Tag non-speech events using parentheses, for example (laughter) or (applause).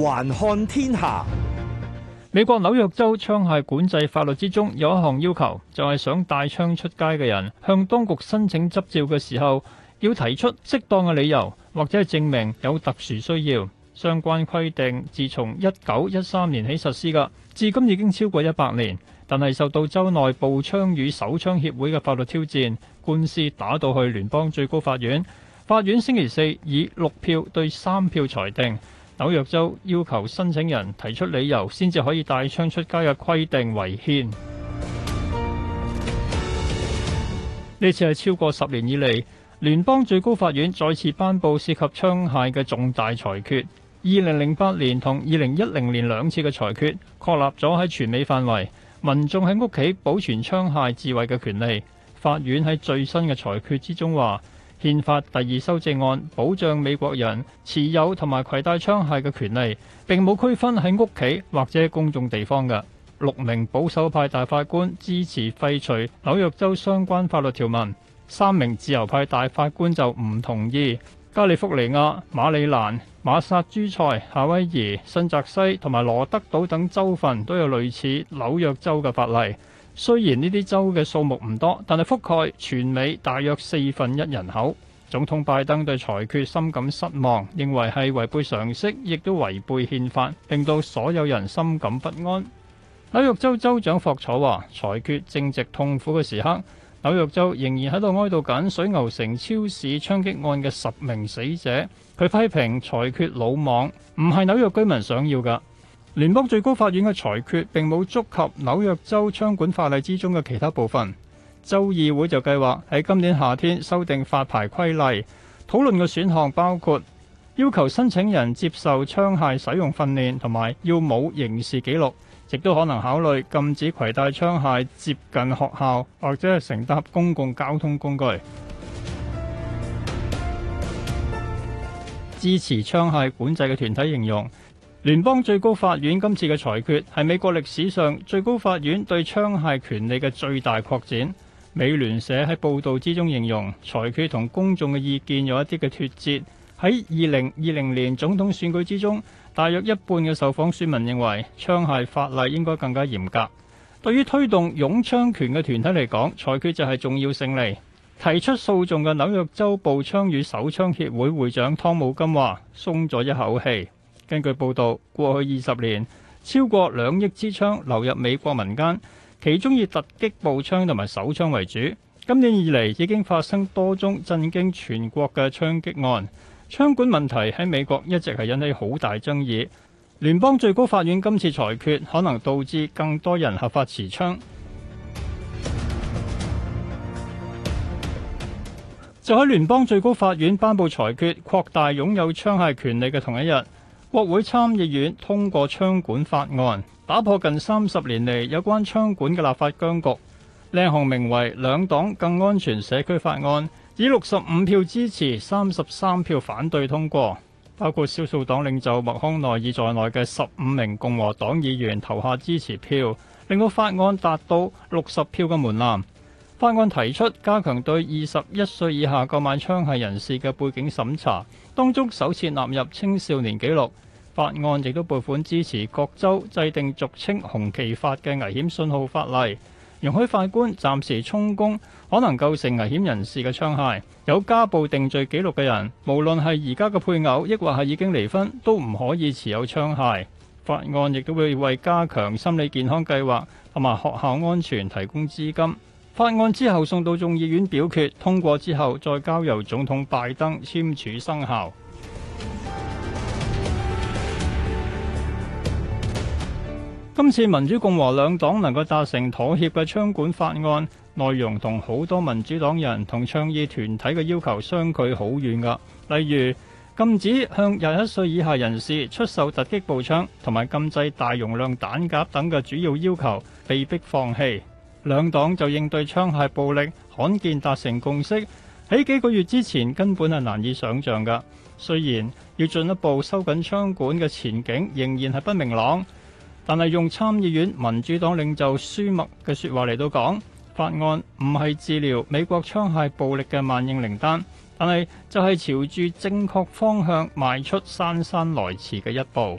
環看天下。美國紐約州槍械管制法律之中有一項要求，就係、是、想帶槍出街嘅人向當局申請執照嘅時候，要提出適當嘅理由或者係證明有特殊需要。相關規定自從一九一三年起實施噶，至今已經超過一百年，但係受到州內步槍與手槍協會嘅法律挑戰，官司打到去聯邦最高法院。法院星期四以六票對三票裁定，紐約州要求申請人提出理由，先至可以帶槍出街嘅規定違憲。呢次係超過十年以嚟，聯邦最高法院再次頒布涉及槍械嘅重大裁決，二零零八年同二零一零年兩次嘅裁決確立咗喺全美範圍，民眾喺屋企保存槍械自衛嘅權利。法院喺最新嘅裁決之中話憲法第二修正案保障美國人持有同埋攜帶槍械嘅權利，並冇區分喺屋企或者公眾地方嘅。六名保守派大法官支持廢除紐約州相關法律條文，三名自由派大法官就唔同意。加利福尼亞、馬里蘭、馬薩諸塞、夏威夷、新澤西同埋羅德島等州份都有類似紐約州嘅法例。雖然呢啲州嘅數目唔多，但係覆蓋全美大約四分一人口。總統拜登對裁決深感失望，認為係違背常識，亦都違背憲法，令到所有人深感不安。紐約州州長霍楚話：裁決正值痛苦嘅時刻，紐約州仍然喺度哀悼緊水牛城超市槍擊案嘅十名死者。佢批評裁決魯莽，唔係紐約居民想要嘅。聯邦最高法院嘅裁決並冇觸及紐約州槍管法例之中嘅其他部分。州議會就計劃喺今年夏天修訂發牌規例，討論嘅選項包括要求申請人接受槍械使用訓練，同埋要冇刑事記錄，亦都可能考慮禁止攜帶槍械接近學校或者係乘搭公共交通工具。支持槍械管制嘅團體形容。聯邦最高法院今次嘅裁決，係美國歷史上最高法院對槍械權利嘅最大擴展。美聯社喺報道之中形容，裁決同公眾嘅意見有一啲嘅脫節。喺二零二零年總統選舉之中，大約一半嘅受訪選民認為槍械法例應該更加嚴格。對於推動擁槍權嘅團體嚟講，裁決就係重要勝利。提出訴訟嘅紐約州步槍與手槍協會會長湯姆金話，鬆咗一口氣。根據報道，過去二十年超過兩億支槍流入美國民間，其中以突擊步槍同埋手槍為主。今年以嚟已經發生多宗震驚全國嘅槍擊案，槍管問題喺美國一直係引起好大爭議。聯邦最高法院今次裁決可能導致更多人合法持槍。就喺聯邦最高法院頒布裁決，擴大擁有槍械權利嘅同一日。國會參議院通過槍管法案，打破近三十年嚟有關槍管嘅立法僵局。呢項名為《兩黨更安全社區法案》，以六十五票支持、三十三票反對通過，包括少數黨領袖麥康奈爾在內嘅十五名共和黨議員投下支持票，令到法案達到六十票嘅門檻。法案提出加強對二十一歲以下購買槍械人士嘅背景審查，當中首次納入青少年紀錄。法案亦都撥款支持各州制定俗稱紅旗法嘅危險信號法例，容許法官暫時充公可能構成危險人士嘅槍械。有家暴定罪紀錄嘅人，無論係而家嘅配偶，抑或係已經離婚，都唔可以持有槍械。法案亦都會為加強心理健康計劃同埋學校安全提供資金。法案之後送到眾議院表決通過之後，再交由總統拜登簽署生效。 (music) 今次民主共和兩黨能夠達成妥協嘅槍管法案內容，同好多民主黨人同倡議團體嘅要求相距好遠㗎。例如禁止向廿一歲以下人士出售突擊步槍，同埋禁制大容量彈夾等嘅主要要求，被逼放棄。兩黨就應對槍械暴力，罕見達成共識，喺幾個月之前根本係難以想像嘅。雖然要進一步收緊槍管嘅前景仍然係不明朗，但係用參議院民主黨領袖舒默嘅說話嚟到講，法案唔係治療美國槍械暴力嘅萬應靈丹，但係就係朝住正確方向邁出姍姍來遲嘅一步。